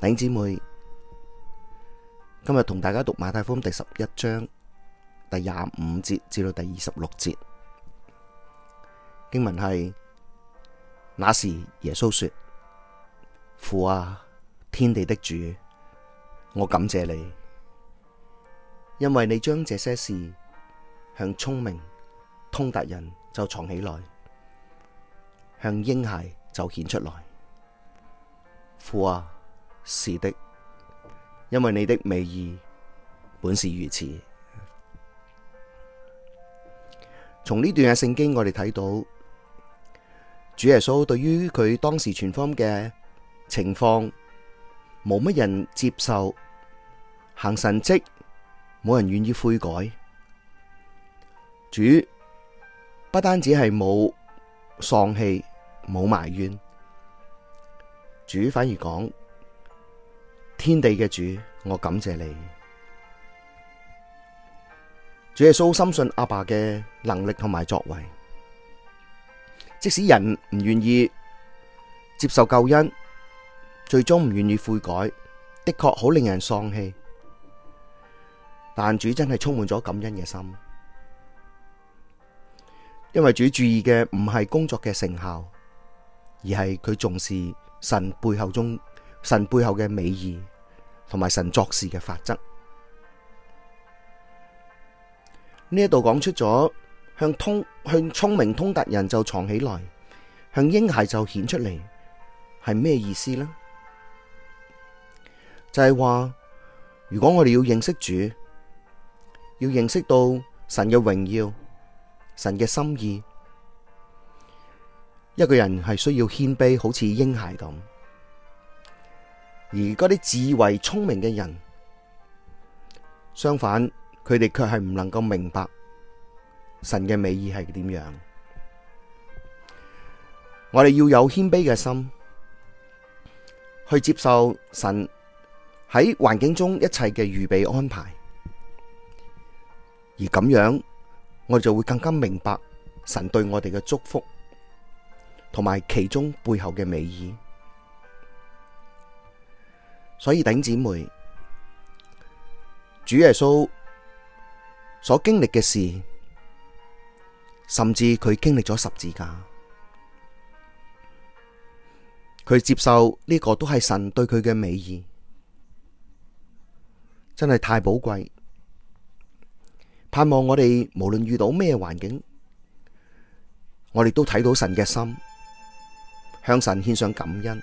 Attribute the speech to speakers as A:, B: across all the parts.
A: 弟兄姊妹，今日同大家讀馬太福音第十一章第廿五節至到第二十六節經文係：那時耶穌說，父啊，天地的主，我感謝你，因為你將這些事向聰明通達人就藏起來，向嬰孩就顯出來。父啊。是的，因為你的美意本是如此。從呢段嘅聖經我，我哋睇到主耶穌對於佢當時全方嘅情況，冇乜人接受行神蹟，冇人願意悔改。主不單止係冇喪氣，冇埋怨，主反而講。天地嘅主，我感謝你。主耶穌深信阿爸嘅能力同埋作為，即使人唔願意接受救恩，最終唔願意悔改，的確好令人喪氣。但主真係充滿咗感恩嘅心，因為主注意嘅唔係工作嘅成效，而係佢重視神背後中神背後嘅美意。同埋神作事嘅法則，呢一度講出咗向通向聰明通達人就藏起來，向嬰孩就顯出嚟，係咩意思呢？就係話，如果我哋要認識主，要認識到神嘅榮耀、神嘅心意，一個人係需要謙卑，好似嬰孩咁。而嗰啲智慧聰明嘅人，相反，佢哋卻係唔能夠明白神嘅美意係點樣。我哋要有謙卑嘅心，去接受神喺環境中一切嘅預備安排，而咁樣我哋就會更加明白神對我哋嘅祝福，同埋其中背後嘅美意。所以頂姊妹，主耶穌所經歷嘅事，甚至佢經歷咗十字架，佢接受呢個都係神對佢嘅美意，真係太寶貴。盼望我哋無論遇到咩環境，我哋都睇到神嘅心，向神獻上感恩。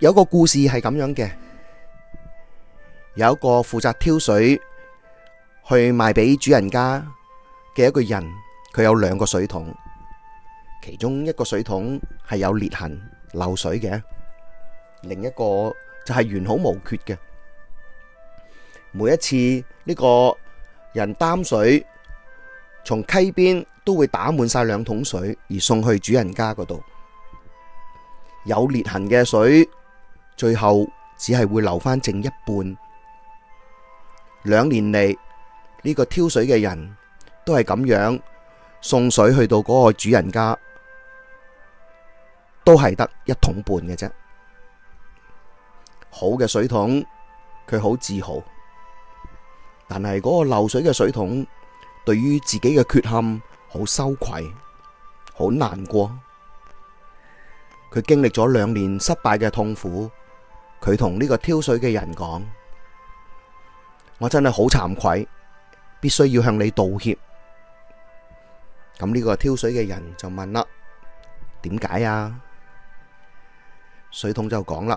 A: 有個故事係咁樣嘅，有一個負責挑水去賣俾主人家嘅一個人，佢有兩個水桶，其中一個水桶係有裂痕漏水嘅，另一個就係完好無缺嘅。每一次呢個人擔水從溪邊都會打滿晒兩桶水而送去主人家嗰度，有裂痕嘅水，最後只係會留翻剩一半，兩年嚟，呢個挑水嘅人都係咁樣送水去到嗰個主人家，都係得一桶半嘅啫。好嘅水桶，佢好自豪；但係嗰個漏水嘅水桶，對於自己嘅缺陷，好羞愧，好難過。佢經歷咗兩年失敗嘅痛苦。佢同呢個挑水嘅人講：我真係好慚愧，必須要向你道歉。咁呢個挑水嘅人就問啦：點解啊？水桶就講啦：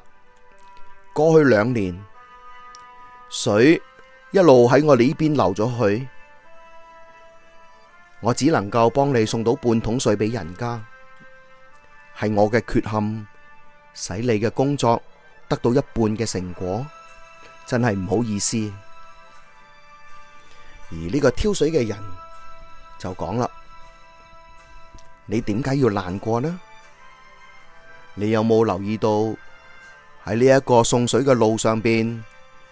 A: 過去兩年水一路喺我呢邊流咗去，我只能夠幫你送到半桶水俾人家，係我嘅缺陷，使你嘅工作得到一半嘅成果，真係唔好意思。而呢個挑水嘅人就講啦：「你點解要難過呢？你有冇留意到喺呢一個送水嘅路上邊，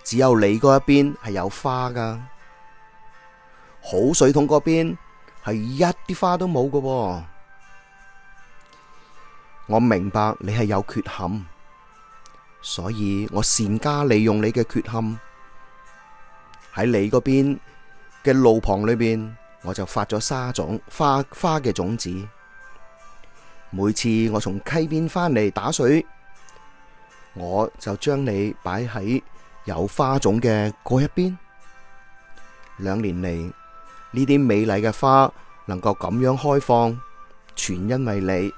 A: 只有你嗰一邊係有花噶，好水桶嗰邊係一啲花都冇噶。我明白你係有缺陷。所以我善加利用你嘅缺陷，喺你嗰邊嘅路旁裏邊，我就發咗沙種花花嘅種子。每次我從溪邊翻嚟打水，我就將你擺喺有花種嘅嗰一邊。兩年嚟呢啲美麗嘅花能夠咁樣開放，全因為你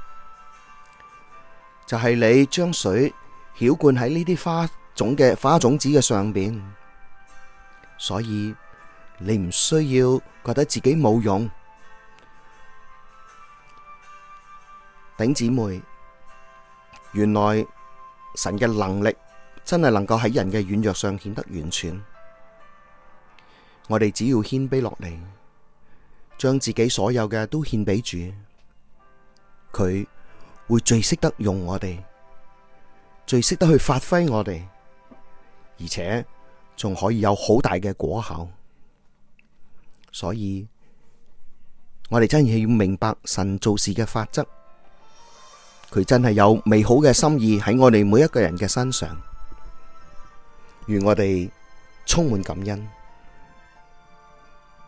A: 就係、是、你將水。澆灌喺呢啲花種嘅花種子嘅上邊，所以你唔需要覺得自己冇用。頂姊妹，原來神嘅能力真係能夠喺人嘅軟弱上顯得完全。我哋只要謙卑落嚟，將自己所有嘅都獻俾主，佢會最識得用我哋。最識得去發揮我哋，而且仲可以有好大嘅果效，所以我哋真係要明白神做事嘅法則，佢真係有美好嘅心意喺我哋每一個人嘅身上，願我哋充滿感恩。